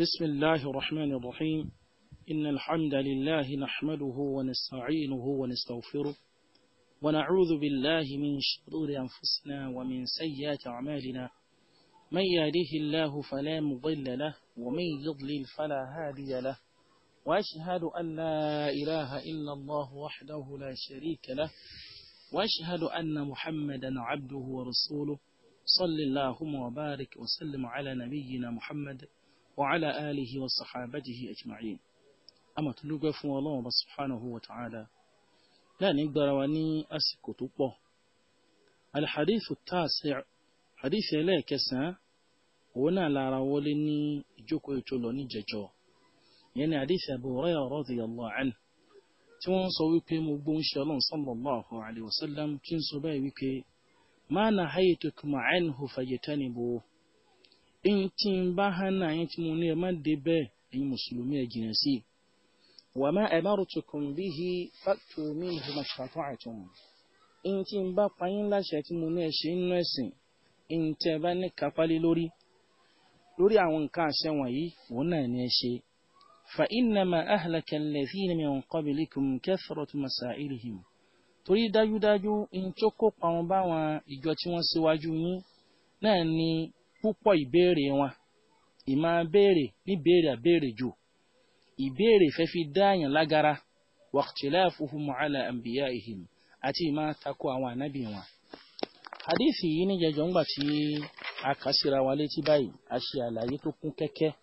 بسم الله الرحمن الرحيم إن الحمد لله نحمده ونستعينه ونستغفره ونعوذ بالله من شرور أنفسنا ومن سيئات أعمالنا من يهده الله فلا مضل له ومن يضلل فلا هادي له وأشهد أن لا إله إلا الله وحده لا شريك له وأشهد أن محمدا عبده ورسوله صلى اللهم وبارك وسلم على نبينا محمد وعلى آله وصحابته أجمعين أما تلوغ فو الله سبحانه وتعالى لا نقدر وني أسكو تقوى الحديث التاسع حديث لا كسا هنا لا رولني جوكو يتولوني ججو يعني حديث أبو هريرة رضي الله عنه تون صويك مبون sọ صلى الله عليه وسلم تون صبي ما نهيتكم عنه فيتنبوه ẹ̀yin tí ń bá hánà ẹ̀yin tí mo ní ẹ má dé bẹ́ẹ̀ ẹ̀yin mùsùlùmí ẹ jìnnà sí i. wà má ẹ bá rútu kùn bí hi fàtú mi ní ìhùmà ṣàtọ́ àtún. ẹ̀yin tí ń bá payín láṣẹ tí mo ní ẹ ṣe nínú ẹ̀sìn ẹ̀yin tí ẹ bá ní kápálí lórí lórí àwọn nǹkan àṣẹ wọ̀nyí òun náà ni ẹ ṣe. فإنما أهلك الذين من قبلكم كثرة مسائلهم torí dájúdájú in tó kópa wọn báwọn ìjọ tí wọ́n síwájú yín náà ni púpọ̀ ìbéèrè wọn ìmọ̀ béèrè níbéèrè àbéèrè jù ìbéèrè fẹ́ fi dáàyàn lágara waqtilafuhum ala anbiyaihim àti ìmọ̀ takò àwọn ànábì wọn. hadithi yìí ní jẹjọ ńgbà tí a kà síra wa létí báyìí a ṣe àlàyé tó kún kẹ́kẹ́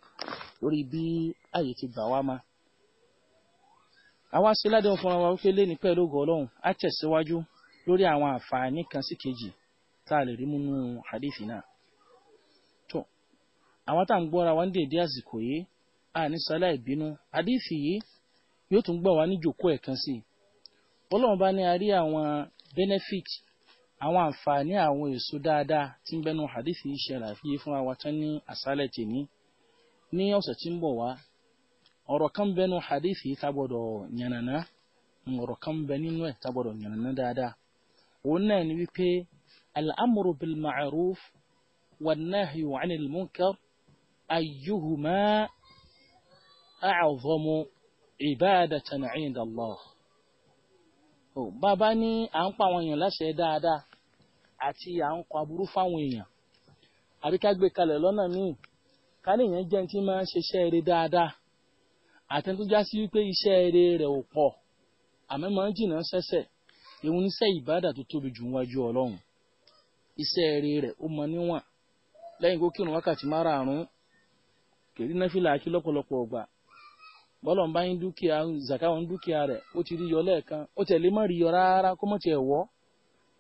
lórí bí ààyè ti gbà wá ma. àwa sí ládùn fúnra wa wípé lé ní pẹ̀lú hadithi náà. àwọn tá à ń gbọ́ra wa ń dèédé àsìkò yìí a ní sálá ìbínú àdífì yìí yóò tún gbọ́ wá ní jòkó ẹ̀kan sí i ọlọ́run bá ní a rí àwọn benefit àwọn àǹfààní àwọn èso dáadáa tí ń bẹnu àdífì yìí ṣe àlàyé fún wa tán ní àsálẹ̀ tèmi ní ọ̀sẹ̀ tí ń bọ̀ wá ọ̀rọ̀ kan bẹnu àdífì yìí tábọ̀dọ̀ yànnàná ọ̀rọ̀ kan bẹ nínú ẹ̀ tábọ̀dọ̀ yànnàná dáadáa òun náà ni wípé al-amru bil-ma'ruf wan أيهما أعظم عبادة عند الله bàbá ní à ń pa àwọn èèyàn láṣẹ dáadáa àti à ń kọ aburú fáwọn èèyàn àbí ká gbé kalẹ̀ lọ́nà míì ká léèyàn jẹ́ tí máa ń ṣiṣẹ́ eré dáadáa àtẹni tó já sí wípé iṣẹ́ eré rẹ̀ ò pọ̀ àmọ́ máa ń jìnnà sẹ́sẹ̀ èwo ni ìbádà tó tóbi jù wájú Ọlọ́run iṣẹ́ eré rẹ̀ ó mọ níwọ̀n lẹ́yìn kó kírun wákàtí márààrún kèrí náfìlà kí lọ́pọ̀lọpọ̀ ọgbà bọ́lọ̀ ń bá yín dúkìá zakawo ń dúkìá rẹ̀ ó ti rí yọ lẹ́ẹ̀kan ó tẹ̀lé mọ́ rí yọ rárá kó mọ̀ tiẹ̀ wọ́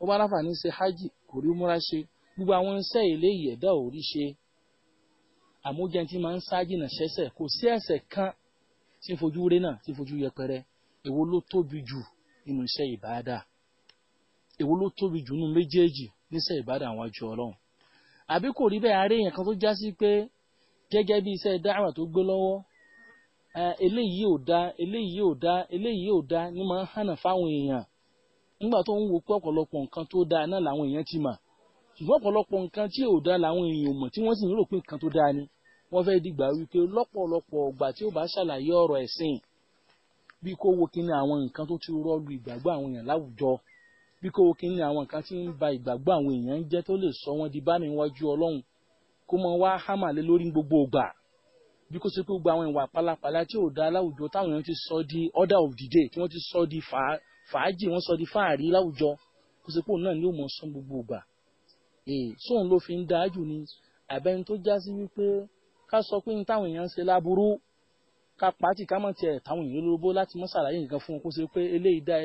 ó bá ráfà ní ṣe hajj kò rí múra ṣe gbogbo àwọn iṣẹ́ eléyìí ẹ̀dá ò rí ṣe àmójẹ́ntì máa ń ṣáájì náà ṣẹ́ṣẹ̀ kò sí ẹ̀ṣẹ̀ kan tí ń fojú ré náà tí ń fojú yẹpẹrẹ èwo ló tóbi jù nínú iṣẹ́ ìbáadà èwo ló tóbi jù nínú méjèèjì níṣẹ́ ìbáadà àwọn àjọ ọlọ́run àbí kò rí bẹ́ẹ̀ aréyìn kan tó já pé gẹ́gẹ́ bí iṣẹ́ dáhùn tó gbé lọ́wọ́ eléyìí ò dá eléyìí ò dá eléyìí ò dá ni máa ń hànà fáwọn èèyàn nígbà tó ń wo pé ọ̀pọ̀lọpọ̀ nǹkan tó dáa náà làwọn èèyàn ti mọ̀ ṣùgbọ́n ọ̀pọ̀lọpọ̀ nǹkan tí ò dáa làwọn èèyàn mọ̀ tí wọ́n sì ń rò pé nǹkan tó dáa ni wọ́n fẹ́ dìgbà wípé lọ́pọ̀lọpọ̀ ọgbà tí ó bá ṣàlàyé ọ̀rọ̀ ẹ̀sìn bí kò wo kíni àwọn nǹkan tó ti rọ́ọ̀lù ìgbàgbọ́ àwọn èèyàn láwùjọ bí kò wo kíni àwọn nǹkan tí ń ba ìgbàgbọ́ àwọn èèyàn jẹ́ tó lè sọ wọ́n di bá mi ọlọ́run kó mọ wá hámà lé lórí gbogbo ìgbà bí kò ṣe pé gbogbo àwọn ìwà pálapàla tí ò dá láwùjọ táwọn èèyàn ti sọ di order of the day tí wọ́n ti sọ di fàájì wọ́n sọ di fáàrí láwùjọ kò ṣe pé òun náà ni yóò mọ sọ gbogbo ìgbà ee sóun ló fi ń dáa jù ni àbẹ́ni tó já sí wípé ká sọ pé ní táwọn èèyàn ń ṣe láburú ká pàtì ká mọ̀ tiẹ̀ táwọn èèyàn lólobó láti mọ́ ṣàlàyé nǹkan fún wọn kó ṣe pé eléyìí dá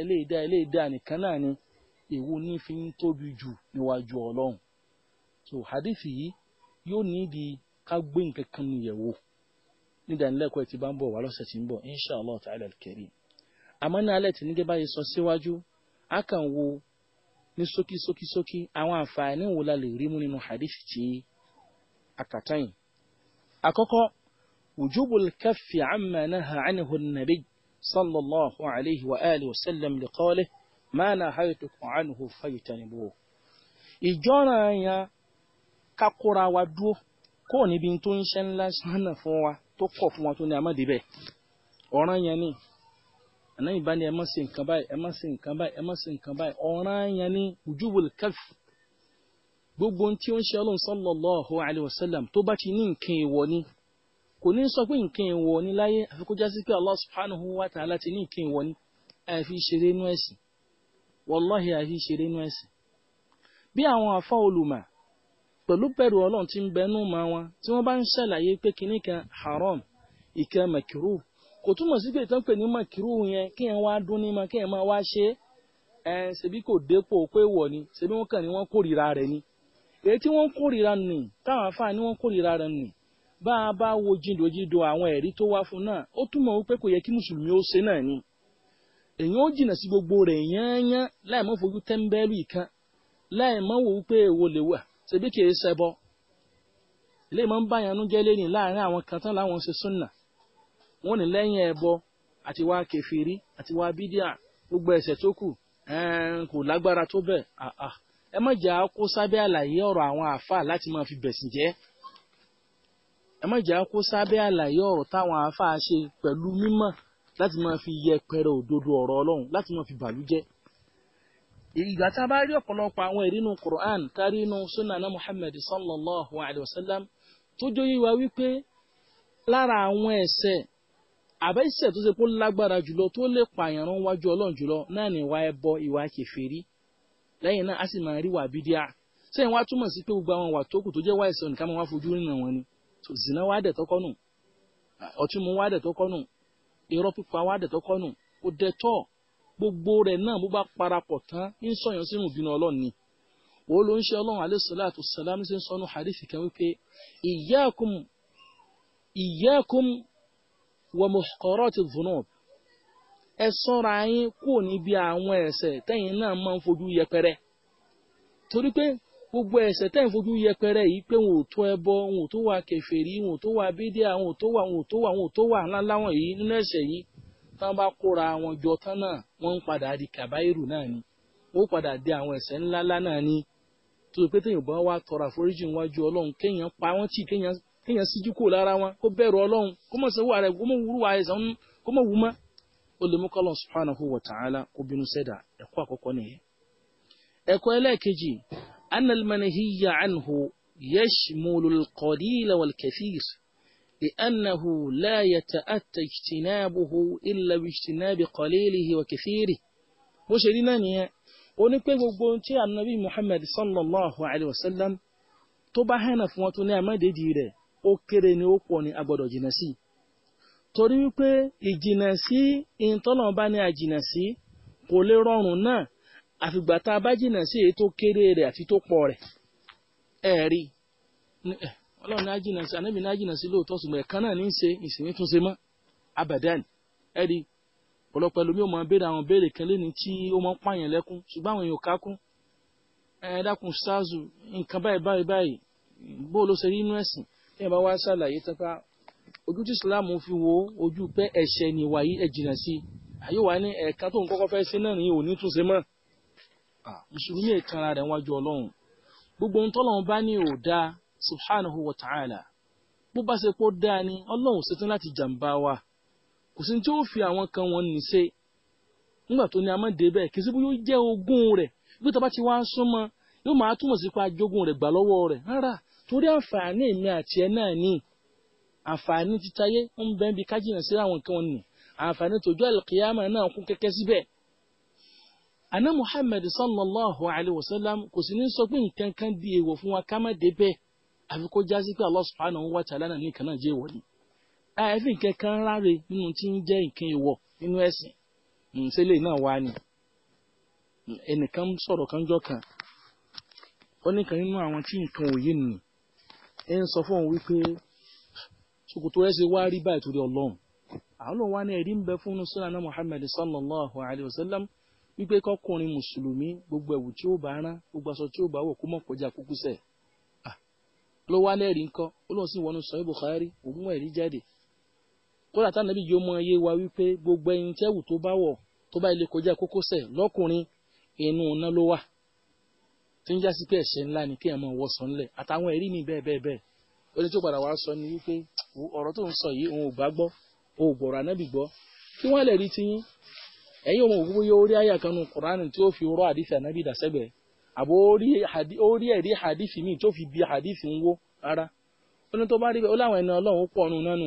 eléyìí nìkan náà ni èwo ní fi ń tóbi jù níwájú ọlọ́run so hadithi yìí yóò ní ìdí ká gbé nǹkan kan nu yẹ̀ wò ní ìdánilẹ́kọ̀ọ́ ti bá ń bọ̀ wá lọ́sẹ̀ tí ń bọ̀ insha Allah ta'ala al-karim àmọ́ ní alẹ́ tí nígbà báyìí sọ síwájú a kàn wo ní ṣókí ṣókí ṣókí àwọn àǹfààní wo la lè rí mú nínú hadith tí a yìí àkọ́kọ́ wujubul kaffi amma naha anhu an sallallahu alayhi wa alihi wa sallam liqawlihi ma nahaytukum anhu fajtanibuhu ìjọ́ra yẹn ká kóra wa dúró kó níbi tó ń ṣe ńlá sánà fún wa tó kọ̀ fún wa tó ní amáde bẹ́ẹ̀ ọ̀ràn yẹn ni ànáyìn bá ní ẹ má ṣe nǹkan báyìí ẹ má ṣe nǹkan báyìí ẹ má ṣe nǹkan báyìí ọ̀ràn yẹn ni ojúbò kẹf gbogbo tí ó ń ṣe ọlọ́run sallallahu alaihi wasallam tó bá ti ní nǹkan èèwọ̀ ni kò ní sọ pé nǹkan èèwọ̀ ni láyé àfi kó pé Allah subhanahu wa ta'ala ti ní nǹkan èèwọ̀ ni àfi ṣeré inú ẹ̀sìn wallahi àfi ṣeré inú ẹ̀sìn bí àwọn àfa olùmọ̀ pẹ̀lú bẹ̀rù ọlọ́run tí ń bẹnu ma wọn tí wọ́n bá ń ṣàlàyé pé kinní kan haram ìkan makiru kò túmọ̀ sí pé ìtàn pè ní makiru yẹn kí yẹn wá dún ní ma kí yẹn máa wá ṣe é ẹ ṣebí kò dépò pé wọ̀ ni ṣebí wọ́n kàn ní wọ́n kórìíra rẹ̀ ni èyí tí wọ́n kórìíra nì táwọn afáà ní wọ́n kórìíra rẹ̀ nì bá a bá wo jìndòjìndò àwọn ẹ̀rí tó wá fún náà ó túmọ̀ wípé kò yẹ kí mùsùlùmí ó ṣe náà ni èyàn ó jìnà sí gbogbo rẹ̀ yányán láì mọ́ fojú tẹ́ńbẹ́lú ìkan láì mọ́ wò wípé èwo lè wà ṣe bí kìí ṣẹbọ ilé ìmọ̀ ń báyàn nú jẹ́ lẹ́yìn láàrin àwọn kan tán láwọn ṣe súnà wọ́n ní lẹ́yìn ẹbọ àti wá kẹfìrí àti wá bídíà gbogbo ẹ̀ṣẹ̀ tó kù kò lágbára tó bẹ́ẹ̀ ẹ má jà á kó sábẹ́ àlàyé ọ̀rọ̀ àwọn àáfàá láti máa fi bẹ̀sìn jẹ́ ẹ má jà á kó sábẹ́ àlàyé ọ̀rọ̀ táwọn àáfàá ṣe pẹ̀lú mímọ̀ láti máa fi yẹpẹrẹ òdodo ọ̀rọ̀ Ọlọ́run láti máa fi bàlújẹ́ ìgbà tá a bá rí ọ̀pọ̀lọpọ̀ àwọn ìrìnnú Qur'an kárí inú sunana Muhammad sallallahu alayhi wa sallam tó jó yíwa wípé lára àwọn ẹ̀ṣẹ̀ àbẹ́sẹ̀ tó ṣe kó lágbára jùlọ tó lè pààyàn rán wájú ọlọ́run jùlọ náà ní ìwà ẹbọ ìwà kèfèrí lẹ́yìn náà a sì máa rí wà bídíà sẹ́yìn wá túmọ̀ sí pé gbogbo àwọn wà tó tó jẹ́ wá ẹ̀ṣẹ̀ nìkan máa fojú rìnnà wọn ni zina wá dẹ̀ tọ́kọ́ nù ọtí mu wá dẹ̀ tọ́kọ́ nù irọ́ pípa wá dẹ̀ tọ́kọ́ nù kò dẹ̀ tọ́ gbogbo rẹ̀ náà bó bá parapọ̀ tán ń sọ̀yàn sínú ìbínú ọlọ́run ni wọ́n ló ń ṣe ọlọ́run alayhi salatu wassalam ṣe ń sọnù hadith kan wípé iyyakum iyyakum wa muhqarati dhunub ẹ sọ́ra yín kúrò níbi àwọn ẹ̀ṣẹ̀ tẹ́yìn náà máa ń fojú yẹpẹrẹ torí pé gbogbo ẹ̀ṣẹ̀ tẹ́yìn fojú yẹpẹrẹ yìí pé wọn ò tó ẹbọ wọn ò tó wà kèfèrí wọn ò tó wà bídíà wọn ò tó wà wọn ò tó wà wọn ò tó wà ńláńlá wọn yìí nínú ẹ̀ṣẹ̀ yìí tán bá kóra wọn jọ tán náà wọ́n ń padà di kàbáìrù náà ni wọ́n padà di àwọn ẹ̀ṣẹ̀ ńláńlá náà ni tó o pé wá tọrọ àforíjì níwájú ọlọ́run kéèyàn pa wọ́n tì kéèyàn síjú kúrò lára wọn kó bẹ̀rù ọlọ́run kó mọ̀ sẹ́wọ́ rẹ̀ kó mọ̀ wúrú wa ẹ̀sán kó mọ̀ wú mọ́ ó lè mú kọ́lọ̀ subhanahu wa ta'ala kó bínú sẹ́dà ẹ̀kọ́ àkọ́kọ́ nìyẹn. ẹ̀kọ́ ẹlẹ́ẹ̀kejì anna al-manhiyya لأنه لا يتأتى اجتنابه إلا باجتناب قليله وكثيره bó ṣe rí náà nìyẹn ó ní pé gbogbo ohun tí ànábì muhammad sallallahu alayhi wa sallam tó bá hànà fún wọn tó ní àmọ́dédì rẹ̀ ó kéré ni ó pọ̀ ní agbọ́dọ̀ jìnà sí torí wípé ìjìnà sí ìtọ́lọ́n bá ní àjìnà sí kò lè rọrùn náà àfìgbà tá a bá jìnà sí èyí tó kéré rẹ̀ àti tó pọ̀ rẹ̀ ẹ̀rí ọlọ́run náà jìnnà sí anábì náà jìnnà sí lóòótọ́ ṣùgbọ́n ẹ̀kan náà ní í ṣe ìsìnkú tún ṣe mọ́ abadan ẹ̀rí ọ̀pọ̀lọpọ̀ ẹlòmíì ò mọ̀ béèrè àwọn béèrè kan lẹ́ni tí ó mọ̀ pààyàn lẹ́kún ṣùgbọ́n àwọn èèyàn kákún ẹ dákun ṣáàzù nǹkan báyìí báyìí báyìí bó ló ṣe rí inú ẹ̀sìn tí ẹ bá wá ṣàlàyé tán ojú tí ìsìláàmù fi wo ojú pé ẹ̀ṣẹ̀ ni ìwà yìí ẹ jìnnà sí i àyè wà ní ẹ̀ka tó ń kọ́kọ́ fẹ́ ṣe náà nìyí ò ní tún mọ́ ah. mùsùlùmí èkanra rẹ̀ wájú ọlọ́run gbogbo ohun tọ́lọ́run bá ní ò dáa subhanahu wa ta'ala bó bá ṣe pọ̀ dáa ni ọlọ́run ṣetán láti jàǹbá wa kò sí tí ó fi àwọn kan wọn nì ṣe nígbà tó ní amáde bẹ́ẹ̀ kì í sí bó yóò jẹ́ ogún rẹ̀ bí tó bá ti wá ń súnmọ́ yóò máa túmọ̀ sí pa àjogún rẹ̀ gbà lọ́wọ́ rẹ̀ rárá torí àǹfààní èmi àti ẹ náà ni àǹfààní títáyé ń bẹ́ẹ̀ bí kájìnà sí àwọn kan nì àǹfààní tòjú àlùkìyàmà náà kún kẹ́kẹ́ síbẹ̀ àná Muhammad sallallahu alayhi wa sallam kò sì ní sọ pé nǹkan kan di èèwọ̀ fún wa ká má dé bẹ́ẹ̀ àfi kó jásí pé Allah subhanahu wa ta'ala náà nìkan náà jẹ́ ìwọ̀ ni àìfi nǹkan kan ráre nínú tí ń jẹ́ nǹkan ìwọ̀ nínú ẹ̀sìn ṣẹlẹ̀ náà wá ni ẹnìkan sọ̀rọ̀ kan jọ kan ó ní kan nínú àwọn tí nǹkan òye ẹ ń sọ wípé ṣòkòtò ẹ ṣe wá rí báyìí torí ọlọ́run àwọn wá ní ẹ̀rí wa sallam wípé mùsùlùmí gbogbo ẹ̀wù tí ó bá rán gbogbo aṣọ tí ó bá wọ̀ kó ló wá lẹ́rìí ńkọ́ ó lóun sì wọnú sọ̀rọ̀ Bukhari òun wọ̀ ẹ̀rí jáde kódà táwọn ẹbí yóò mọ iye wa wípé gbogbo ẹyin tẹ́wù tó bá wọ̀ tó bá ilé kọjá kókósẹ̀ lọ́kùnrin inú iná ló wà tí ń jásí pé ẹ̀ṣẹ̀ ńlá ni kéèyàn máa wọṣọ ńlẹ̀ àtàwọn ẹ̀rí mi bẹ́ẹ̀ bẹ́ẹ̀ bẹ́ẹ̀ ó ní tó padà wá sọ ni wípé ọ̀rọ̀ tó ń sọ yìí òun ò gbà gbọ́ òun ò gbọ̀rọ̀ ànábì gbọ́ kí wọ́n lè rí tiyín ẹ̀yin òun òwúwo yóò rí àyà Kùránì tí ó fi rọ́ àdìsí ànábì dàsẹ́gbẹ̀ẹ́ àbò orí ẹ̀rí hadithi míì tó fi bi hadithi ń wó rárá ó ní tó bá rí bẹ́ẹ̀ ó láwọn ẹni ọlọ́run pọ̀ nù nánu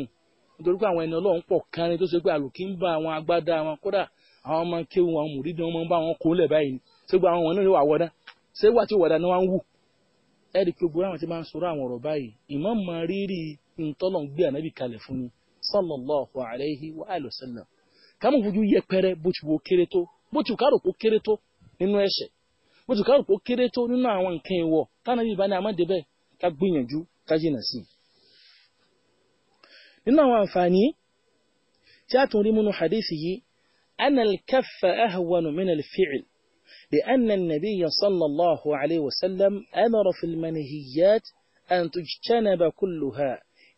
nítorí pé àwọn ẹni ọlọ́run pọ̀ kan ni tó ṣe pé àlòkí ń bá àwọn agbádá wọn kódà àwọn ọmọ kéwu àwọn mùrídìí wọn bá wọn kó lẹ̀ báyìí ṣé gba àwọn wọn náà wà ṣé wà tí wọ̀dá ni wọ́n ń wù ẹ̀rí pé gbogbo àwọn tí máa ń sọ̀rọ̀ àwọn ọ̀rọ̀ báyìí ìmọ̀ mọ rírì ntọ́lọ̀ ń gbé ànábì kalẹ̀ fún ni sallallahu alayhi wa alihi wa sallam ká mọ̀ fojú yẹpẹrẹ bó ti wo kéré tó bó ti kárò kó kéré tó nínú ẹ̀ṣẹ̀ bó ti kárò pé ó kéré tó nínú àwọn nǹkan ìwọ̀ tánàbí ìbá ní àmọ́dé bẹ́ẹ̀ ká gbìyànjú ká jìnà sí i. nínú àwọn àǹfààní tí a tún rí múnú hadisi yìí anna al-kaffa ahwanu min al-fi'l لأن النبي صلى الله عليه وسلم أمر في المنهيات أن تجتنب كلها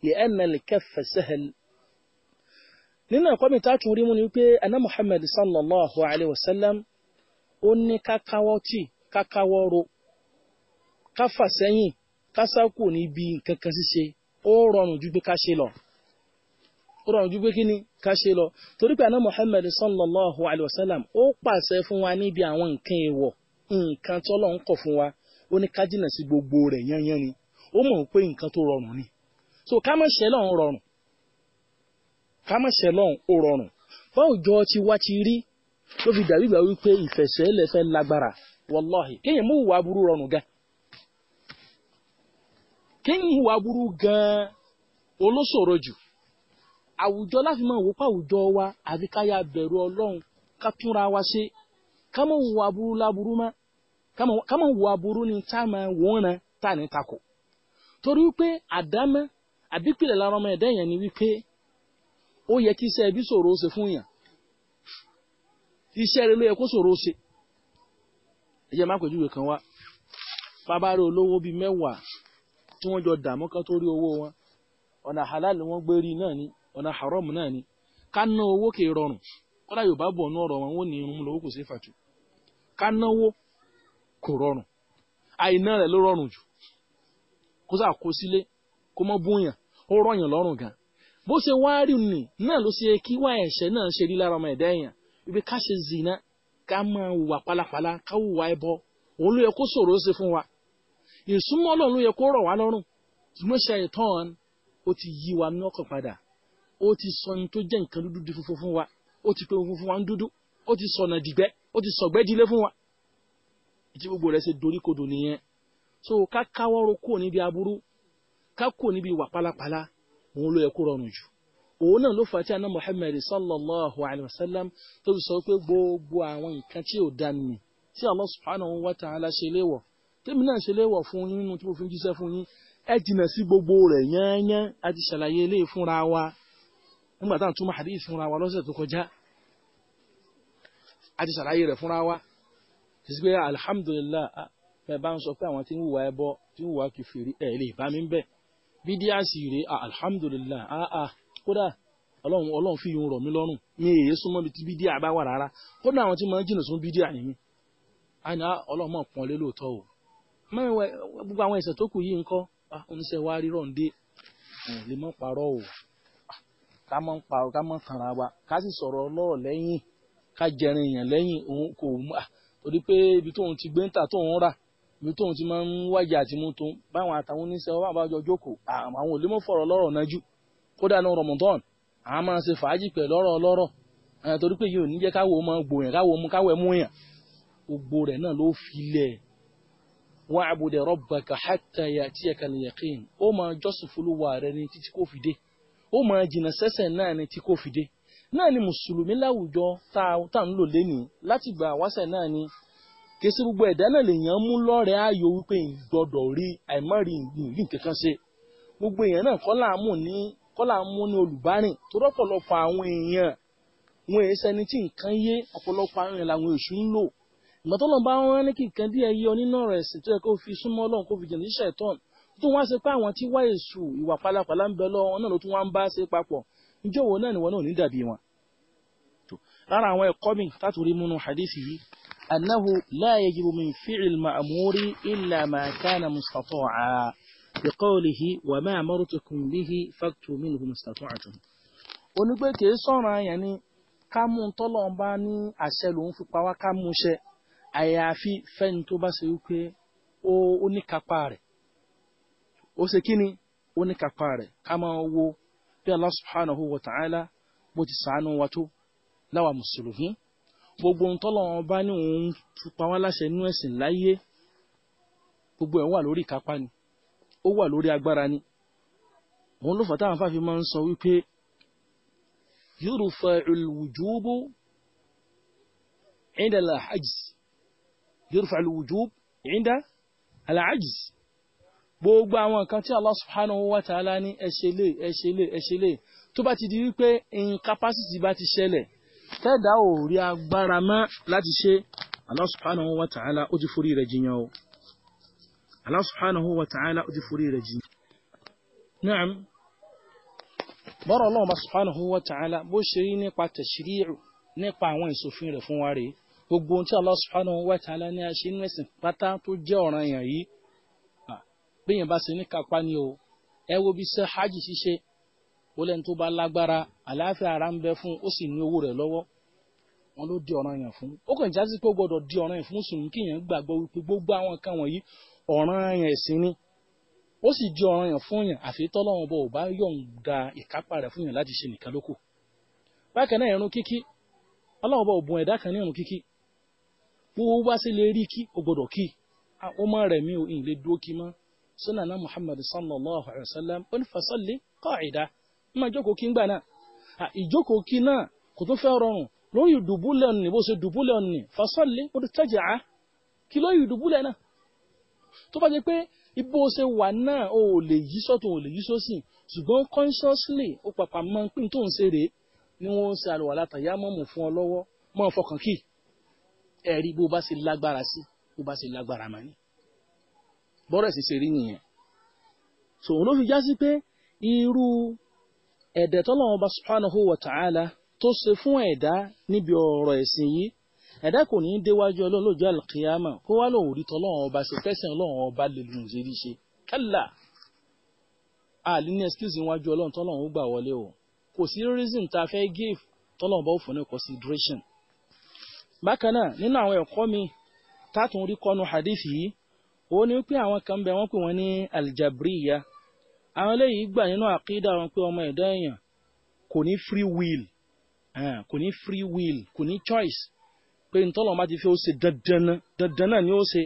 لأن الكف سهل nínú ẹ̀kọ́ mi táà tún rí mú ni wípé aná muhammad sallallahu alaihi wasallam ó ní ká káwọ́ tí ká káwọ́ ro ká fà sẹ́yìn ká sákò níbi nǹkan kan ṣíṣe ó rọrùn ju pé ká ṣe lọ ó rọrùn ju pé kí ni ká ṣe lọ torí pé àná Muhammad sallallahu alaihi wasallam, sallam ó pàṣẹ fún wa níbi àwọn nǹkan èèwọ̀ nǹkan tọ́lọ̀ ń kọ̀ fún wa ó ní ká jìnnà sí gbogbo rẹ̀ yányán ni ó mọ̀ pé nǹkan tó rọrùn ni so ká má ṣe lọ́hùn rọrùn ká má ṣe lọ́hùn ó rọrùn báwo jọ ti wá ti rí ló fi dàbí ìgbà wípé ìfẹsẹ̀lẹ̀ fẹ́ lágbára wàláhì kéèyàn mú ìwà aburú rọrùn gan kéèyàn ìwà aburú gan olóṣòro jù àwùjọ láfi máa wò pa àwùjọ wa àbí ká yà bẹ̀rù ọlọ́run ká túnra wa ṣe ká má wò aburú láburú mọ́ ni tá a máa wò ní takò torí wípé àbípìlẹ̀ yẹ kí iṣẹ́ ẹbí ṣe fún yàn iṣẹ́ rẹ ló yẹ ẹ jẹ́ má pèjúwe kan wá bàbá rẹ olówó bíi mẹ́wàá tí wọ́n jọ dààmú kan tó rí owó wọn ọ̀nà halal wọn gbé rí náà ni ọ̀nà haram náà ni ká ná owó kì í rọrùn kọ́dà yorùbá bọ̀ ní ọ̀rọ̀ wọn wọ́n ní irun lówó kò sí fàtú ká náwó kò rọrùn àìná rẹ̀ ló rọrùn jù kó sà kó sílé kó mọ́ bóyàn ó rọ̀yàn lọ́rùn gan bó ṣe wá rí nì náà ló ṣe kí wá ẹ̀ṣẹ̀ náà ṣe rí lára ọmọ ẹ̀dá èèyàn ibi ká ṣe zina ká máa wà pálapàla ká wùwà ẹbọ òun yẹ kó ṣòro ṣe fún wa ìsúnmọ́ ọlọ́run ló yẹ kó rọ̀ wá lọ́rùn ṣùgbọ́n ṣàìtàn ó ti yí wa ní ọkàn padà ó ti sọ ní tó jẹ́ nǹkan dúdú di funfun fún wa ó ti pe funfun wa ń dúdú ó ti sọ̀nà dìgbẹ́ ó ti sọ̀gbẹ́ dilé fún wa ìtí gbogbo rẹ̀ ṣe doríkodò nìyẹn so ká káwọ́rọ́ kúrò níbi aburú ká kúrò níbi ìwà pálapàla òun ló yẹ kó rọrùn jù òun náà ló fà á tí aná Muhammad sallallahu alayhi wa sallam tó fi sọ pé gbogbo àwọn nǹkan tí ò dá nì tí Allah subhanahu wa ta'ala ṣe léwọ̀ tèmi náà ṣe léwọ̀ fún yín nínú tí mo fi ń jíṣẹ́ fún yín ẹ jìnà sí gbogbo rẹ̀ yányán a ti ṣàlàyé ilé ìfúnra wa nígbà táwọn túmọ̀ hadith fúnra wa lọ́sẹ̀ tó kọjá a ti ṣàlàyé rẹ̀ fúnra wa kì pé alhamdulillah bẹ́ẹ̀ bá ń sọ pé àwọn tí ń wùwà ẹbọ tí ń wùwà kìfìrí ẹ̀ lè bá mi ń bídíà sì rèé alhamdulillah kódà ọlọ́run ọlọ́run fi yun rọ̀ mí lọ́rùn mi èyí súnmọ́ mi ti bídíà bá wà rárá kódà àwọn tí mo ń jìnnà sún bídíà ni mí àná ọlọ́run mọ̀ pọ́n lé lóòótọ́ o mẹ́wẹ́ gbogbo àwọn ẹ̀sẹ̀ tó kù yìí ńkọ́ oníṣẹ́ wa rírọ̀ ń dé lè mọ́ parọ́ o ká mọ́ parọ́ ká mọ́ tanra wa ká sì sọ̀rọ̀ ọlọ́rọ̀ lẹ́yìn ká jẹrin èèyàn lẹ́yìn òun kò mú tóun ti máa ń wájà àti mú tóun báwọn àtàwọn oníṣẹ́ wa bá jọ jókòó àwọn olè mọ́ fọ̀rọ̀ lọ́rọ̀ náà jù kódà ní Ramadan a máa ṣe fàájì pẹ̀ lọ́rọ̀ lọ́rọ̀ torí pé yóò ní jẹ́ káwọ́ máa gbòyàn káwọ́ mú káwọ́ mú yàn gbogbo rẹ̀ náà ló filẹ̀ wa'bud rabbaka hatta ya'tiyaka al-yaqin ó máa jọ́sìn fúlùwà rẹ̀ ní títí kò fi dé ó máa jìnnà sẹ́sẹ̀ náà ní títí kò fi dé náà ni mùsùlùmí láwùjọ tá à ń lò lẹ́nu láti gba àwáṣẹ náà ni kèsì gbogbo ẹ̀dá náà lèèyàn mú lọ́rẹ̀ẹ́ ayò wípé ìgbọ́dọ̀ rí àìmọ́rí nǹkan kan ṣe gbogbo èèyàn náà kọ́ láàmú ní kọ́là ń mú ní olùbárìn tó rọ́pọ̀lọpọ̀ àwọn èèyàn wọn èyí sẹni tí nǹkan yé ọ̀pọ̀lọpọ̀ àwọn èèyàn làwọn èṣù ń lò ìgbà tó lọ́n bá wọn ní kí nǹkan díẹ̀ yé ọ nínú ọ̀rọ̀ ẹ̀sìn tó yẹ kó fi súnmọ́ Ọlọ́run kó fi jẹ̀ níṣẹ́ tán tó wá ṣe pé àwọn tí wá èṣù ìwà pálapàla ń bẹ lọ́wọ́ náà ló tún wá ń bá ṣe papọ̀ ǹjẹ́ náà ni náà ní dàbí wọn. lára àwọn ẹ̀kọ́ mi látòrí múnú hadith yìí annahu la yajibu min fi'il ma'muri illa ma kana بقوله وما أمرتكم به فاكتوا منه ما استطعتم oni pé kìí sọ̀rọ̀ àyàn ni ká mú un tọ́lọ̀ ń bá ní àṣẹ lòun fi pa wá ká mú un ṣe àyàfi fẹ́ni tó bá ṣe wípé ó níkapá rẹ̀ ó ṣe kí ni ó rẹ̀ ká máa wo bí Allah wa ta'ala bó ti sàánú wa tó láwa mùsùlùmí gbogbo tọ́lọ̀ bá ní òun fi pa láṣẹ inú ẹ̀sìn láyé gbogbo ẹ̀ wà lórí ìkápá ni ó wà lórí agbára ni òun ló fàtà àǹfààní máa ń sọ wípé yurfa al-wujubu inda al-ajz yurfa al-wujub inda al-ajz gbogbo àwọn nǹkan tí Allah subhanahu wa ta'ala ní ẹ ṣe lè tó bá ti di wípé incapacity bá ti ṣẹlẹ̀ tẹ́dà ò rí agbára mọ́ láti ṣe Allah subhanahu wa ta'ala ó ti forí rẹ̀ jiyàn o. Allah subhanahu wa ta'ala ó ti forí rẹ̀ jì náà bọ́rọ̀ Allah subhanahu wa ta'ala bó ṣe rí nípa tashri'u nípa àwọn ìṣòfin rẹ̀ fún wa rèé gbogbo ohun tí Allah subhanahu wa ta'ala ní a ṣe nínú ẹ̀sìn pátá tó jẹ́ ọ̀ràn èèyàn yìí bíyàn bá ṣe ní kápá ni o ẹ wo bí ṣe hajj ṣíṣe ó lẹ́ni tó bá lágbára àlàáfíà ara ń bẹ fún ó sì ní owó rẹ̀ lọ́wọ́ wọn ló di ọ̀ràn èèyàn fún ó kàn jásí pé ó gbọ́dọ̀ di ọ̀ràn èèyàn fún mùsùlùmí kí èèyàn gbàgbọ́ wípé gbogbo àwọn nǹkan wọ̀nyí ọ̀ràn ẹ̀sìn ni ó sì jẹ́ ọ̀ràn yàn fún yàn àfi tọ́lọ́run bọ̀ ò bá yọ̀ǹda ìkápá rẹ̀ fún yàn láti ṣe nìkan lóko bákan náà irun kíkí ọlọ́run bọ̀ ò bùn ẹ̀dá kan ní irun kíkí gbogbo bá sì lè rí kí o gbọ́dọ̀ kí ọmọ rẹ̀ mi ò ìlè dúró kí mọ́ sunana muhammad sallallahu alayhi wa sallam ó ní fasalli qa'ida máa jókòó kí ń gbà náà ìjókòó kí náà kò tó fẹ́ rọrùn lórí ìdùbúlẹ̀ ọ̀nì bó ṣe dùbúlẹ̀ ọ̀nì fasalli ó ti tẹ́jà á kí lórí ìdùbúlẹ̀ náà tó bá jẹ́ pé ibo ṣe wà náà o ò lè yí sọ́tún o ò lè yí sósì ṣùgbọ́n consciously ó pàpà mọ pé n tó ń ṣe rèé ni wọ́n ń ṣe àlùwàlá tàyámọ̀mù fún ọ lọ́wọ́ mọ́ fọkàn kì ẹ̀rí bó bá ṣe lágbára sí bó bá ṣe lágbára mà ní. bọ́rọ̀ sì ṣe rí nìyẹn. sòun ló fi já sí pé irú ẹ̀dẹ̀ tọ́lọ́wọ́n bá subhanahu wa ta'ala tó ṣe fún ẹ̀dá níbi ọ̀rọ̀ ẹ̀sìn yìí ẹ̀dá kò ní í déwájú ọlọ́run lọ́jọ́ àlùkìyàmà kó wá lòun ò rí tọ́lọ́run ọba ṣe fẹ́sìn ọlọ́run ọba lè lùn ṣe rí ṣe kálá àlè ní excuse níwájú ọlọ́run tọ́lọ́run ó gbà wọlé o kò sí reason tá a fẹ́ give tọ́lọ́run bá ò fún ní consideration. bákan náà nínú àwọn ẹ̀kọ́ mi tátùn rí kọ́nu hadith yìí òun ni pé àwọn kan bẹ wọ́n pè wọ́n ní aljabriya àwọn eléyìí gbà nínú àkídà wọn pé ọmọ ẹ̀dá èèyàn free will eh, kò ní free will kò ní choice pé ntọ́lọ́run bá ti fi ó ṣe dandan dandan náà ni ó se,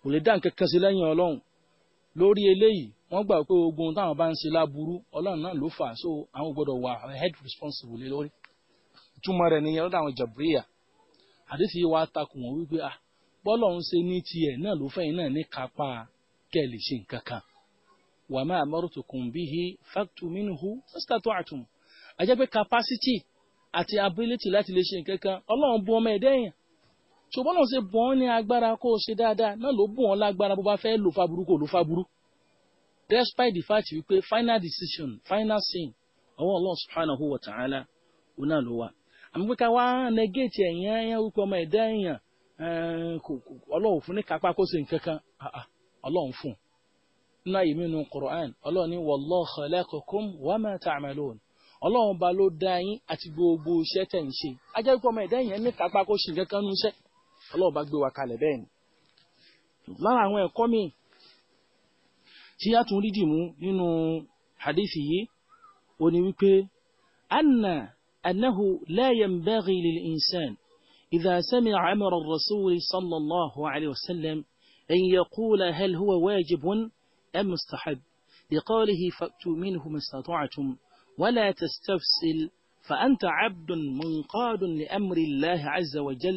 kò lè dá nǹkan kan sí lẹ́yìn ọlọ́run lórí eléyìí wọ́n gbà pé ogun táwọn bá ń ṣe láburú ọlọ́run náà ló fà á so àwọn gbọ́dọ̀ wà head responsible lórí túmọ̀ rẹ̀ nìyẹn lọ́dọ̀ àwọn jàbúrìyà àdéfì wa takò wọ́n wípé ah bọ́lọ̀ ń ṣe ní tiẹ̀ náà ló fẹ́yìn náà ní kápá kẹ́ lè ṣe nǹkan kan wà máa amartukum bihi faktu minhu fastata'tum àjẹpẹ́ capacity àti ability láti lè ṣe nǹkan kan ọlọ́run bu ọmọ ẹ̀dẹ́yìn ṣùgbọ́n náà ṣe bọ́n ní agbára kó o ṣe dáadáa náà ló bùn ọ́ lágbára bó bá fẹ́ lò faburú kò lò faburú despite the fact wípé final decision final sin ọwọ́ Allah subhanahu wa ta'ala ó náà ló wà àmì pé ká wá negate ẹ̀yìn ẹ̀yìn wípé ọmọ ẹ̀dá èèyàn eh, ọlọ́run fún ní kápá kó ṣe nǹkan kan ọlọ́run fún nínú àyè mínú Qur'an ọlọ́run ní wallahu khalaqakum wa ma ta'malun ọlọ́run ba ló dá yín àti gbogbo iṣẹ́ tẹ̀ ń ṣe ajẹ́ wípé ọmọ ẹ̀dá èèyàn ní kápá kó ṣe nǹkan kan nú iṣẹ́ ọlọ́run bá gbé wa kalẹ̀ bẹ́ẹ̀ ni lára àwọn ẹ̀kọ́ mi tí a tún rídì mú nínú hadithi yìí ó ní wípé anna annahu la bẹ́ẹ̀rẹ̀ ilẹ̀ insan idà sẹ́mi amra ar-rasul sallallahu alayhi wa sallam an yaqula hal huwa wajibun am mustahab لقوله فأتوا منه استطعتم ولا تستفسل فأنت عبد منقاد لأمر الله عز وجل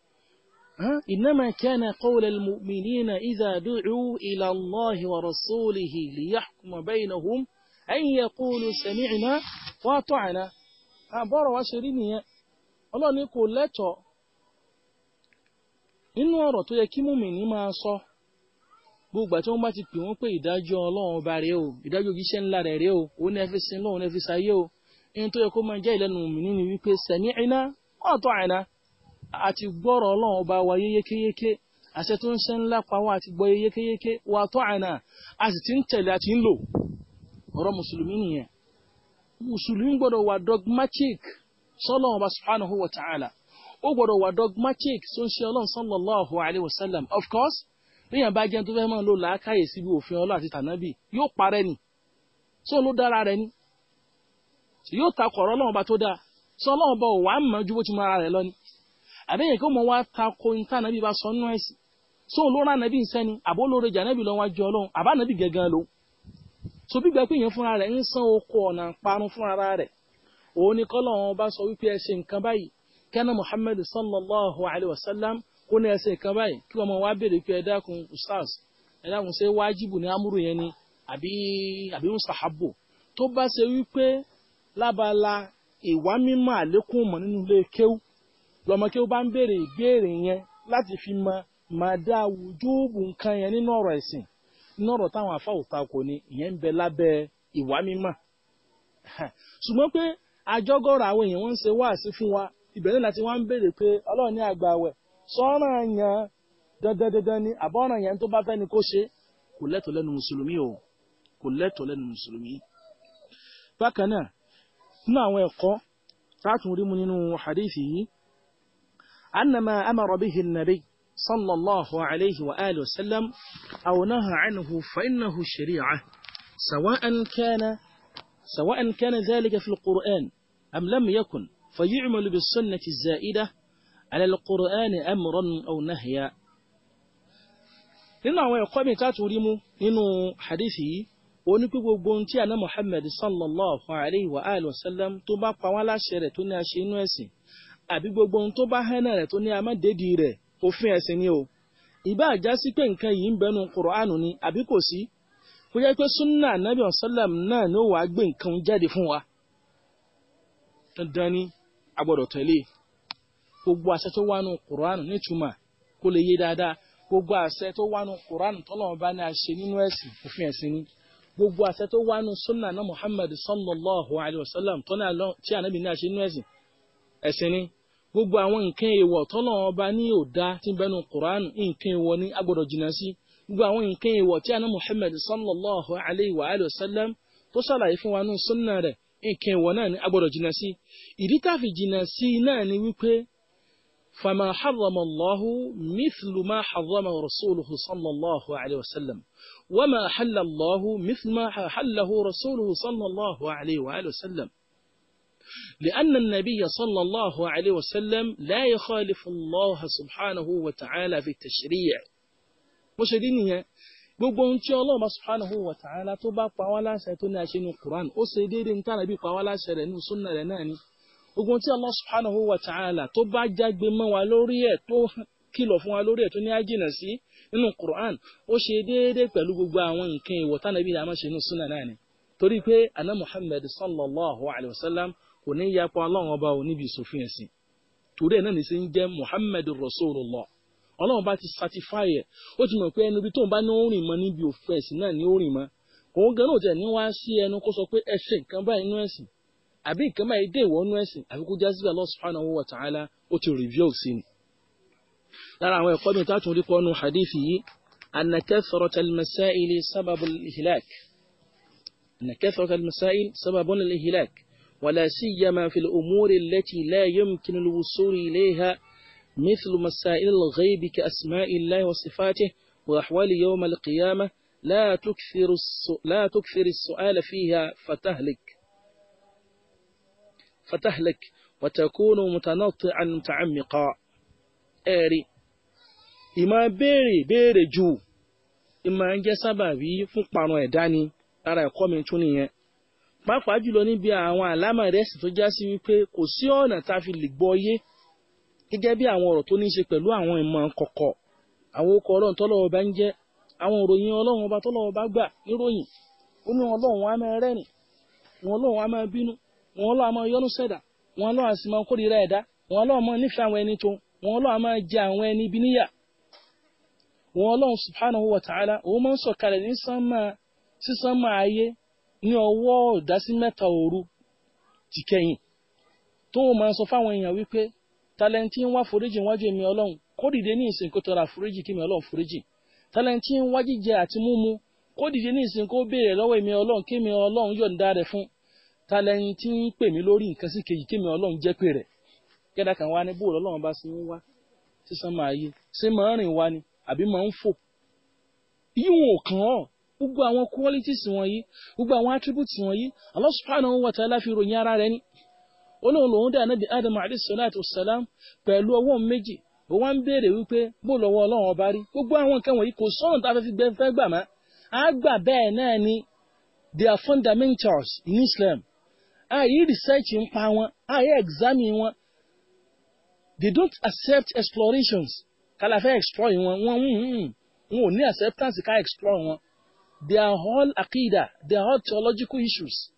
إنما كان قول المؤمنين إذا دعوا إلى الله ورسوله ليحكم بينهم أن يقولوا سمعنا وأطعنا àbọ́rọ̀ wá ṣe rí nìyẹn ọlọ́run ní kò lẹ́tọ̀ọ́ nínú ọ̀rọ̀ tó yẹ kí mùmìnì máa sọ gbogbo àti wọn bá ti pè wọn pé ìdájọ́ ọlọ́run ọba rèé o ìdájọ́ òjíṣẹ́ ńlá rẹ̀ rèé o òun ẹ fi sin lọ́run ẹ fi sáyé o ẹni tó yẹ kó máa jẹ́ ìlẹ́nu mùmìnì ni wípé sami'na wa ata'na àti gbọ́rọ̀ ọlọ́run ọba wa yékéyéké àṣẹ tó ń ṣe ńlá pàwọ́ àti gbọ́ yékéyéké wa tọ́ àná a sì ti ń tẹ̀lé àti ń lò ọ̀rọ̀ mùsùlùmí nìyẹn mùsùlùmí gbọ́dọ̀ wà dogmatic sọ́lọ́run ọba subhanahu wa ta'ala ó gbọ́dọ̀ wà dogmatic tó ń ṣe ọlọ́run sallallahu alayhi wa sallam of course níyàn bá jẹun tó fẹ́ máa lo làákàyè síbi òfin ọlọ́ àti tànábì yóò parẹ́ ni tí òun ló dára rẹ ni yóò ta kọ̀ọ̀rọ̀ ọlọ́run ọba tó dáa sọ ọlọ́run ọba ò wá mọ̀ ju bó ti mọ ara rẹ lọ ni àbẹ́yẹn kí ó mọ̀ wá tako níta nàbí bá sọ nínú ẹ̀sìn so lóra nàbí nsẹ́ni àbó lóore jà nàbí lọ́wọ́ ajọ́ ọlọ́run àbá nàbí gẹ̀gẹ́ ló so gbígbà pé yẹn fúnra rẹ̀ ń san oko ọ̀nà parun fúnra rẹ̀ òun ni kọ́lọ̀ wọn bá sọ wípé ẹ nǹkan báyìí kẹ́nà Muhammad sallallahu alayhi wa sallam kó ní ẹ ṣe nǹkan báyìí kí wọ́n mọ̀ wá béèrè pé ẹ ustaz ẹ dákun ṣe wájibù ní amúrò yẹn ni àbí àbí mustahabu tó bá ṣe wípé lábala ìwà mímọ́ àlékún mọ̀ nínú ilé kéwù lọ́mọ kí ó bá ń béèrè ìbéèrè yẹn láti fi mọ màdá wùjúùbù nǹkan yẹn nínú ọ̀rọ̀ ẹ̀sìn nínú ọ̀rọ̀ táwọn afá kò ní ìyẹn ń bẹ lábẹ́ ìwà mímọ́ ṣùgbọ́n pé àjọgọ́rọ̀ àwọn èèyàn wọ́n ń ṣe wa ìbẹ̀rẹ̀ láti wá ń pé ọlọ́run dandan dandan ni àbọ̀ràn yẹn tó bá fẹ́ ni kó ṣe kò lẹ́tọ̀ọ́ lẹ́nu mùsùlùmí o kò lẹ́tọ̀ọ́ lẹ́nu mùsùlùmí. bákan náà nínú àwọn أن ما أمر به النبي صلى الله عليه وآله وسلم أو نهى عنه فإنه شريعة سواء كان سواء كان ذلك في القرآن أم لم يكن فيعمل بالسنة الزائدة على القرآن أمرا أو نهيا لأنه يقوم تاتوريم إنه حديثي ونكو بونتي أن محمد صلى الله عليه وآله وسلم تبقى ولا شرط ناشي نوسي àbí gbogbo ohun tó bá hánà rẹ̀ tó ní amádédi rẹ̀ òfin ẹ̀sìn ni o ìbá àjá sí pé nǹkan yìí ń bẹnu Kùránù ni àbí kò sí kó jẹ́ pé súnà anábì ọ̀sálàm náà ni ó wàá gbé nǹkan jáde fún wa dandan ni a gbọ́dọ̀ tẹ̀lé gbogbo àṣẹ tó wà nù Kùránù nítumọ̀ kó lè yé dáadáa gbogbo àṣẹ tó wà nù Kùránù tọ́lọ́run bá ní a nínú ẹ̀sìn òfin ẹ̀sìn ni gbogbo àṣẹ tó wà nù súnà náà Muhammad sallallahu alayhi wa sallam tọ́lá tí anábì ní a nínú ẹ̀sìn ẹ̀sìn ni gbogbo àwọn nǹkan èèwọ̀ tọ́lọ̀ ọba ní òda tí bẹnu Qur'an nǹkan èèwọ̀ ní agbọ́dọ̀ jìnnà sí gbogbo àwọn nǹkan èèwọ̀ tí àná Muhammad sallallahu alayhi wa alayhi wa sallam tó ṣàlàyé fún wa ní sunna rẹ̀ nǹkan èèwọ̀ náà ní agbọ́dọ̀ jìnnà sí ìdí tá fi jìnnà sí náà ni wípé fama harramallahu mithlu ma harrama rasuluhu sallallahu alayhi wa sallam wama halallahu mithlu ma halahu rasuluhu sallallahu alayhi wa sallam لأن النبي صلى الله عليه وسلم لا يخالف الله سبحانه وتعالى في التشريع مشاهدين gbogbo ohun tí ọlọ́ọ̀bá subhanahu wa ta'ala tó bá pa wá láṣẹ tó ní àṣẹ ní quran ó ṣe déédéé ní tànàbí pa wá láṣẹ rẹ̀ ní sunna rẹ̀ náà ni gbogbo ohun tí allah subhanahu wa ta'ala tó bá jágbe mọ́ wa lórí ẹ̀ tó kìlọ̀ fún wa lórí ẹ̀ tó ní àjìnà sí nínú quran ó ṣe déédéé pẹ̀lú gbogbo àwọn nǹkan ìwọ̀ tànàbí àmọ́ ṣe ní sunna náà ni torí pé anna sallallahu alayhi wa sallam kò ní yapa ọlọ́run ọba ò níbi ìsòfin ẹ̀sìn torí ẹ̀ náà ní sẹ́ ń jẹ́ Muhammad Rasulullah ọlọ́run bá ti satisfy ẹ̀ ó ti mọ̀ pé ẹnu ibi tó ń bá ní orin mọ́ níbi òfin ẹ̀sìn náà ní orin mọ́ òun gan náà tẹ̀ ní wá sí ẹnu kó sọ pé ẹ ṣe nǹkan báyìí nú ẹ̀sìn àbí nǹkan báyìí dé ìwọ nú ẹ̀sìn àfi kó jásí Allah subhanahu wa ta'ala ó ti review sí ni. lára àwọn ẹ̀kọ́ mi tátùn rí pọ́nù hadith yìí anna kathrata al-masaili sababul ihlak anna kathrata al-masaili sababul ihlak ولا سيما في الأمور التي لا يمكن الوصول إليها مثل مسائل الغيب كأسماء الله وصفاته وأحوال يوم القيامة لا تكثر, لا تكثر السؤال فيها فتهلك فتهلك وتكون متنطعا متعمقا أري إما بيري بيري جو إما أنجي سبابي فوق fún parun أرى ni lára ẹ̀kọ́ pàápàá jùlọ níbi àwọn àlámà rẹ̀sì tó já sí wípé kò sí ọ̀nà tá a fi lè gbọ́ yé gẹ́gẹ́ bí àwọn ọ̀rọ̀ tó ní í ṣe pẹ̀lú àwọn ìmọ̀ kọ̀kọ̀ àwọn okọ̀ ọlọ́run tọ́lọ́wọ́ bá gbà níròyìn ó ní ọlọ́run máa rẹ́rìn wọn ọlọ́run máa bínú wọn ọlọ́run máa yọ́nú sẹ̀dá wọn ọlọ́run sì máa kórìíra ẹ̀dá wọn ọlọ́run ní ọwọ́ ìdásí mẹ́ta òru ti kẹ́yìn tó máa sọ fáwọn èèyàn wípé tálẹ́ǹtì ń wá foríjì wájú èmi ọlọ́run kó dìde ní ìsìn kó tọrọ àforíjì kí mi ọlọ́run foríjì tálẹ́ǹtì ń wá jíjẹ àti múmu kó dìde ní ìsìn kó béèrè lọ́wọ́ èmi ọlọ́run kí mi ọlọ́run yọ̀ǹda rẹ̀ fún tálẹ́ǹtì ń pè mí lórí nǹkan sí kejì kí mi ọlọ́run jẹ́ pé rẹ̀ kẹ́dà kan wá ní bóòlù ọlọ́run bá sì ń wá sísan máa yé ṣé máa rìn wá ni àbí máa ń fò yíwọ̀n kàn gbogbo àwọn qualities wọ̀nyí gbogbo àwọn attributes wọ̀nyí Allah subhanahu wa ta'ala fi ròyìn ara rẹ̀ ni olóhùn lòun dà nábì Adam alayhi salatu wassalam pẹ̀lú ọwọ́ méjì ó wá ń béèrè wípé bó lọ́wọ́ ọlọ́run ọba rí gbogbo àwọn nǹkan wọ̀nyí kò sọ́run tá a fẹ́ fi gbẹ́ gbà má a gbà bẹ́ẹ̀ náà ni they are fundamentals in Islam a yí research ń pa wọn a yí examine wọn they don't accept explorations kálá fẹ́ explore wọn wọn hmm, hmm, hmm. wọn ò ní acceptance ká explore wọn. their whole akida their whole theological issues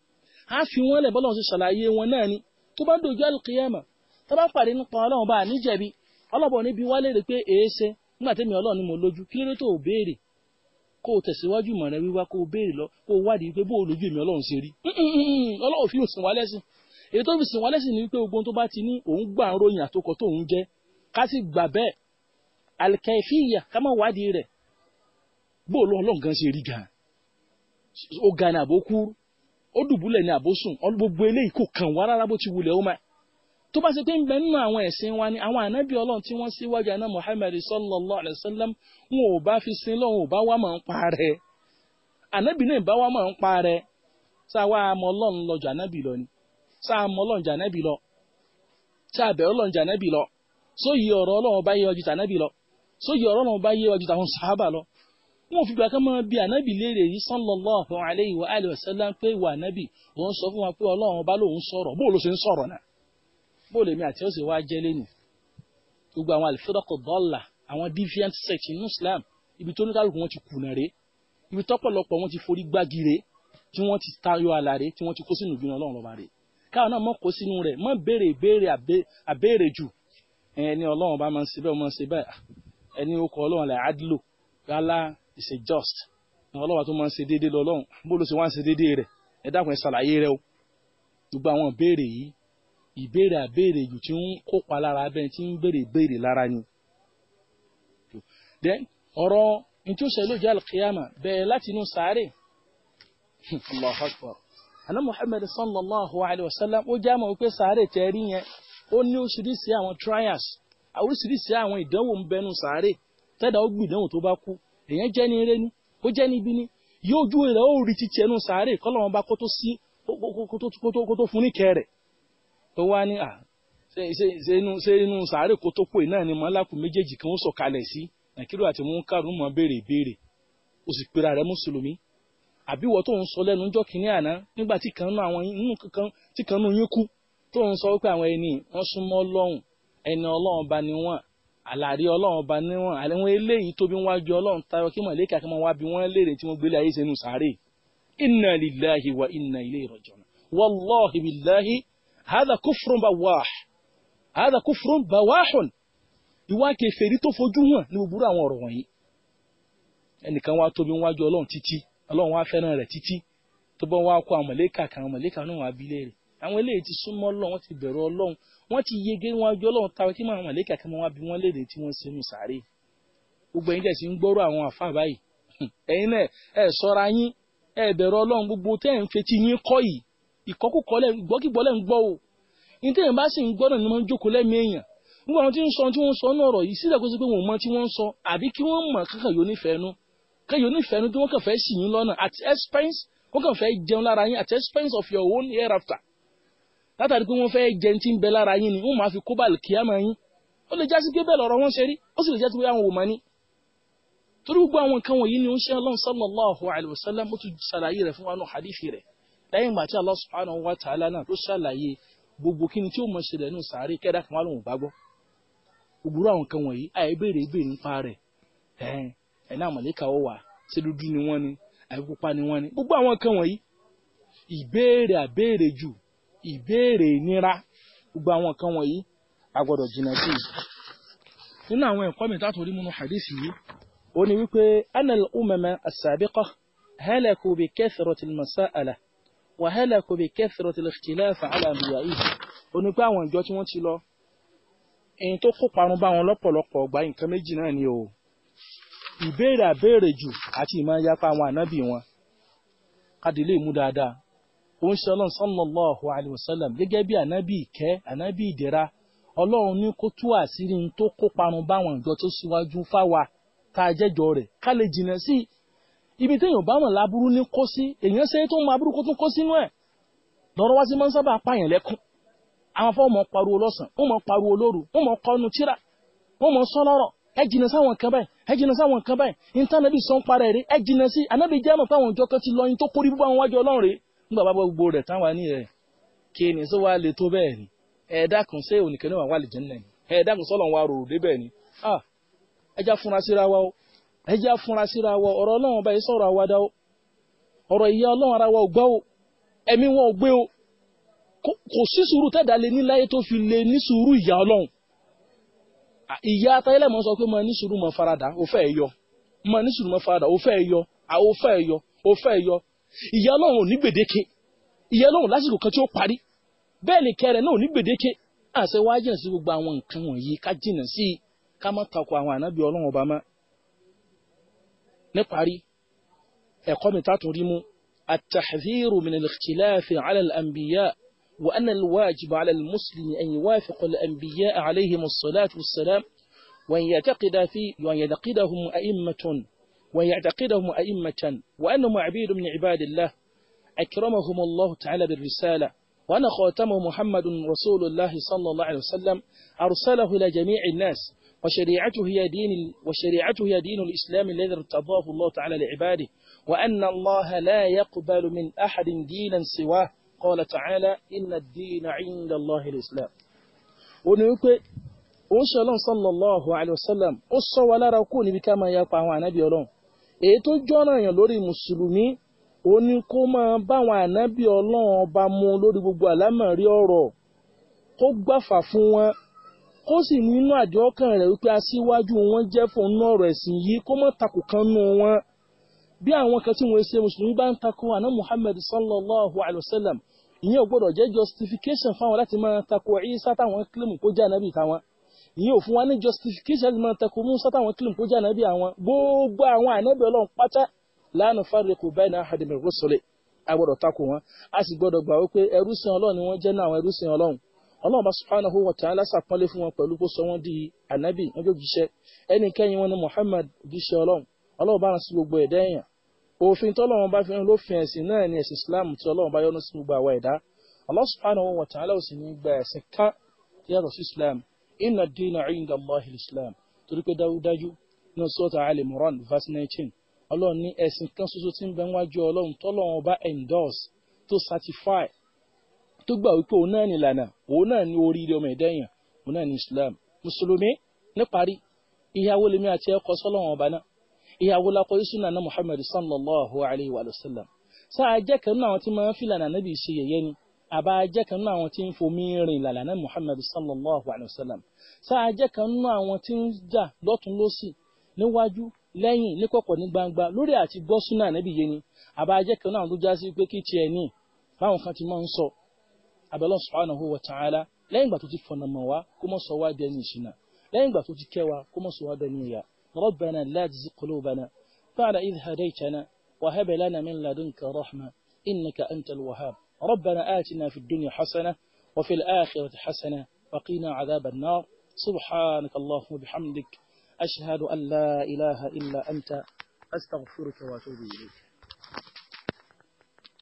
a fi wọn lẹ̀ bọ́lá wọn ṣe ṣàlàyé wọn náà ni tó bá dojú alqiyama tó bá pàdé nípa ọlọ́run bá níjẹ̀bi ọlọ́bọ̀ níbi wálé rè pé èéṣe nígbà tẹ́mi ọlọ́run ni mo lójú kí ló tó béèrè kó o tẹ̀síwájú mọ̀ rẹ wíwá kó o béèrè lọ o wádìí pé bó o lójú èmi ọlọ́run ṣe rí ọlọ́run fi sìn wá lẹ́sìn èyí tó fi ni ogun tó bá ti ní òun ó ga ni àbó kúrú ó dùbúlẹ̀ ni àbó sùn ọdún gbogbo eléyìí kò kàn wá rárá bó ti wulẹ̀ ó máa tó bá ṣe pé ń bẹ nínú àwọn ẹ̀sìn wa ni àwọn ànábì ọlọ́run tí wọ́n síwájú àná Muhammad sallallahu alayhi wa sallam wọn ò bá fi sin lọ́wọ́ ò bá wá máa ń pa rẹ̀ ànábì náà bá wá máa ń pa rẹ̀ sáwa àmọ́ ọlọ́run lọ́jọ́ ànábì lọ ni sáà àmọ́ ọlọ́run jànábì lọ lọ sóyè ọ̀rọ̀ ọlọ́run bá yé lọ wọn fi gbà kán máa bi ànábì léèrè yìí sallallahu alayhi wa alihi wa sallam pé wà ànábì òun sọ fún wa pé ọlọ́run ọba lòun sọ̀rọ̀ bó ló ṣe ń sọ̀rọ̀ náà bó lèmi àti ọ̀sẹ̀ wa jẹ́ lẹ́nu gbogbo àwọn al-firaqu dalla àwọn deviant sect inú Islam ibi tó ní kálukú wọn ti kùnà rè ibi tọ́pọ̀lọpọ̀ wọn ti forí gbágire tí wọ́n ti tayọ àlà rè tí wọ́n ti kó sínú ìbínú ọlọ́run ọba rè káwọn náà mọ̀ kó sínú rẹ̀ mọ̀ béèrè béèrè àbéèrè jù ẹni ọlọ́run ọba máa ń ṣe bẹ́ẹ̀ máa ṣe bẹ́ẹ̀ ẹni ó kọ ọlọ́run làádìlò rálá is a just ọlọ́wà tó máa ń ṣe déédéé lọ́lọ́run bó ló ṣe wá ń ṣe déédéé rẹ̀ ẹ dákun ẹ ṣàlàyé rẹ o gbogbo àwọn ìbéèrè yìí ìbéèrè àbéèrè jù tí ń kópa lára abẹ́ tí ń béèrè béèrè lára ni. then ọ̀rọ̀ ntí ó ṣe lójú alkiyama bẹ̀rẹ̀ láti inú sáré ana Muhammad sallallahu alayhi wa sallam ó jáàmọ̀ wípé sáré tẹ̀rí yẹn ó ní oríṣiríṣi àwọn trials oríṣiríṣi àwọn ìdánwò ń bẹnu sáré tẹ́dà ó gbìdánwò tó bá kú èèyàn jẹ́ ni ire ni ó jẹ́ ni ibi ni yóò ju rẹ̀ ó rí títí ẹnu sàárè kọ́lọ́wọ́n bá kó tó sí kó tó fún níkẹ́ rẹ̀ tó wá ní à ṣe inú sàárè kó tó pè náà ni mọ́lákù méjèèjì kan sí àti mú kárùn mọ́ béèrè ìbéèrè ó sì pera kan náà yín kú tó àlàrí ọlọ́run ọba níwọ̀n àwọn eléyìí tóbi wájú ọlọ́run tayọ kí mọ̀lẹ́kà kí wọ́n wá bí wọ́n léèrè tí wọ́n gbélé ayé sínú sàárè inna lillahi wa inna ilayhi raji'un wallahi billahi hadha kufrun bawah hadha kufrun bawahun ìwà kèfèrí tó fojú hàn ní gbogbo àwọn ọ̀rọ̀ wọ̀nyí ẹnìkan wá tóbi wájú ọlọ́run títí ọlọ́run wá fẹ́ràn rẹ̀ títí tó bọ́ wá kó àwọn kan àwọn náà wá bí léèrè àwọn eléyìí ti súnmọ́ ọlọ́run wọ́n ti bẹ̀rù ọlọ́run wọ́n ti yege wọn ọjọ́ ọlọ́run ta kí màmá lẹ́kà kí wọ́n bí wọ́n léde tí wọ́n sinú sáré gbogbo ẹ̀yin tẹ̀sí ń gbọ́rọ̀ àwọn àfa báyìí ẹ̀yin náà ẹ̀ sọ́ra yín ẹ̀ bẹ̀rù ọlọ́run gbogbo tẹ́ ẹ̀ ń fetí yín kọ́ yìí ìkọ́kùkọ́ lẹ́ ń gbọ́ ń gbọ́ o ní tẹ́yìn bá sì ń gbọ́dọ̀ ni wọ́n jókòó lẹ́mí èèyàn nígbà wọn ti ń sọ tí wọ́n sọ náà ọ̀rọ̀ yìí sílẹ̀ kó sí pé wọ́n mọ tí wọ́n ń sọ àbí kí wọ́n mọ̀ kankan yóò nífẹ̀ẹ́ nu kankan yóò nífẹ̀ẹ́ nu tí wọ́n kàn fẹ́ sì yín lọ́nà at expense wọ́n kàn fẹ́ jẹun lára yín at expense of your own hereafter látàrí pé wọ́n fẹ́ jẹ ti ń bẹ lára yín ni wọ́n máa fi kó bàlì kíámà yín ó lè jásí pé bẹ́ẹ̀ lọ́rọ̀ wọn ṣe rí ó sì lè jásí pé àwọn ò mọ̀ ni. torí gbogbo àwọn nǹkan wọ̀nyí ni ó ń ṣe Allah sallallahu alayhi wa sallam ó tún ṣàlàyé rẹ̀ fún wa nù hadithi rẹ̀ lẹ́yìn ìgbà tí Allah subhanahu wa ta'ala náà ló ṣàlàyé gbogbo kí ni tí ó mọ̀ ṣẹlẹ̀ nù sàárè kẹ́dà kan wà lóhùn bá gbọ́. òbúrò àwọn ni wọ́n ni àbí ni wọ́n ni gbogbo àwọn nǹkan wọ̀nyí ìbéèrè àbéèrè jù ìbéèrè ìnira gbogbo àwọn nǹkan wọ̀nyí a gbọ́dọ̀ jìnnà sí i. nínú àwọn ẹ̀kọ́ mi táàtò rí múnú hadith yìí ó ní wípé anal umama asabiqa halaku bi kathratil masa'ala wa halaku bi kathratil ikhtilaf ala anbiya'ihi ó ní pé àwọn ìjọ tí wọ́n ti lọ ẹni tó kó parun bá wọn lọ́pọ̀lọpọ̀ ọgbà nǹkan méjì náà ni o ìbéèrè àbéèrè jù àti ìmọ̀ yapa àwọn ànábì wọn kádìlé mú dáadáa ó ṣe ọlọ́run sallallahu alayhi wa sallam gẹ́gẹ́ bí ànábì ìkẹ́ ànábì ìdẹ̀ra ọlọ́run ní kó tú àṣírí ní tó kó parun báwọn ìjọ tó síwájú fáwa tá a jẹ́jọ rẹ̀ ká lè jìnà sí ibi téèyàn bá mọ̀ láburú ní kó sí èèyàn ṣe é tó mọ aburú kó tún kó sínú ẹ̀ lọ́rọ́ wá sí máa ń sábà pààyàn lẹ́kùn àwọn afọ́ mọ̀ pariwo lọ́sàn ó mọ̀ pariwo lóru ó mọ̀ kọ́nu tíra ó mọ̀ sọ ẹ jìnà sáwọn kan báyìí ẹ jìnà sáwọn kan báyìí intanẹ́ẹ̀tì sọ ń parẹ́ rẹ̀ ẹ jìnà sí anábìjẹ́ mọ̀ ìjọ kan ti lọ́yìn tó kórìí bíbá wọn wájú ọlọ́run rèé nígbà bá gbogbo rẹ̀ táwọn ní rẹ̀ kí ni sọ wá le tó bẹ́ẹ̀ ni ẹ̀ẹ́dá kan ṣé òníkẹ́ náà wà lè jẹ́ nìyẹn ẹ̀ẹ́dá kan sọ́lọ́ wa rò dé bẹ́ẹ̀ ni ẹja fúnra síra wa o ẹja fúnra síra wa ọ̀rọ̀ ọlọ́run ọba yìí sọ̀rọ̀ àwàdà o ọ̀rọ̀ ìyá ọlọ́run ara wa ò gbọ́ o ẹ̀mí wọn ò gbé o kò sí sùúrù tẹ́dà lé ní láyé tó fi lé ní sùúrù ìyá ọlọ́run ìyá atayẹ́lẹ̀ mọ́ sọ pé mo ní sùúrù mo faradà ó fẹ́ yọ mo ní sùúrù mo faradà ó fẹ́ yọ ó fẹ́ yọ ó fẹ́ yọ ìyà ọlọ́run ò ní gbèdéke ìyà ọlọ́run lásìkò kan tí ó parí bẹ́ẹ̀ ni kẹrẹ náà ò ní gbèdéke àṣẹ wá jìnà sí gbogbo àwọn nǹkan wọ̀nyí ká jìnà sí i ká má takò àwọn ànábì ọlọ́run ọba mọ́ níparí ẹ̀kọ́ mi tá tún rí mú التحذير من الاختلاف على الأنبياء وأن الواجب على المسلم أن يوافق الأنبياء عليهم الصلاة والسلام وأن يعتقد في وأن يعتقدهم أئمة ويعتقدهم أئمة وأنهم عبيد من عباد الله أكرمهم الله تعالى بالرسالة وأن خاتمه محمد رسول الله صلى الله عليه وسلم أرسله إلى جميع الناس وشريعته هي دين وشريعته هي دين الإسلام الذي ارتضاه الله تعالى لعباده وأن الله لا يقبل من أحد دينا سواه قال تعالى إن الدين عند الله الإسلام ونوكي ó ṣe الله sallallahu alaihi wasallam ó sọ wa lára kú níbi ká máa yapa èyí tó jọ́nà yàn lórí mùsùlùmí ó ní kó máa báwọn ànábì ọlọ́run ọba mu lórí gbogbo àlámọ̀rí ọ̀rọ̀ kó gbàfà fún wọn kó sì nínú àdéhọ́kàn rẹ̀ wípé aṣíwájú wọn jẹ́ fún un ọ̀rọ̀ ẹ̀sìn yìí kó má takò kan nù wọn bí àwọn kan tí wọ́n ṣe mùsùlùmí bá ń takò àná Muhammad sallallahu alayhi wa sallam ìyẹn ò gbọ́dọ̀ jẹ́ justification fáwọn láti máa takò Ìsá táwọn kílímù kó jẹ́ ànábì táwọn. Ni ò fún wa ní justification láti máa takò Musa táwọn kílùm kó jáde bí àwọn gbogbo àwọn ànábì Ọlọ́run pátá la nufarriqu bayna ahadin min rusuli agbọ́dọ̀ takò wọn a sì gbọ́dọ̀ gbà wípé ẹrúsìn Ọlọ́run ni wọ́n jẹ́ náà àwọn ẹrúsìn Ọlọ́run Ọlọ́run bá subhanahu wa ta'ala sàpọ́nlé fún wọn pẹ̀lú kó sọ wọ́n di ànábì wọ́n jọ jíṣẹ́ ẹnikẹ́yìn wọn Muhammad jíṣẹ́ Ọlọ́run Ọlọ́run bá rán sí gbogbo ẹ̀dá èèyàn òfin ni Islam tí Ọlọ́run bá yọ́nú sí gbogbo àwa ẹ̀dá Allah subhanahu wa ta'ala yàtọ̀ sí Islam inna dina inda allah islam torí pé dájúdájú náà sọ́tà ali moran verse 19. ọlọ́run ní ẹ̀sìn kan ṣoṣo tí ń bẹ wájú ọlọ́run tọ́lọ́run ọba endorse tó certify tó gbà wípé òun náà ní ìlànà òun náà ní oríire ọmọ ẹ̀dá èèyàn òun náà ní islam mùsùlùmí níparí ìyàwó lèmi àti ẹkọ sọ́lọ́run ọba náà ìyàwó lakọ isuna na muhammad sallallahu alayhi wa sallam sáà jẹ́ kan náà tí máa ń fi ìlànà nábì ṣe ni àbá jẹ́ kan nínú àwọn tí ń fomi rìn lànà Muhammad sallallahu alayhi wa sallam sáà jẹ́ kan nínú àwọn tí ń jà lọ́tún lọ́sì níwájú lẹ́yìn níkọ̀kọ̀ ní gbangba lórí àti gbọ́ súnà níbi yé ni àbá jẹ́ kan náà tó já sí pé kí tiẹ̀ ní báwọn kan ti máa ń sọ abẹ́lọ́ subhanahu wa ta'ala lẹ́yìn ìgbà tó ti fọ̀nà mọ̀ wá kó mọ̀ sọ wá dẹni ìṣìnà lẹ́yìn ìgbà tó ti kẹ́ kó mọ̀ sọ wá dẹni ìyà rabbana la tuzigh qulubana ba'da idh hadaytana wa hab lana min ladunka rahma innaka ربنا آتنا في الدنيا حسنة وفي الآخرة حسنة وقنا عذاب النار سبحانك اللهم وبحمدك أشهد أن لا إله إلا أنت أستغفرك وأتوب إليك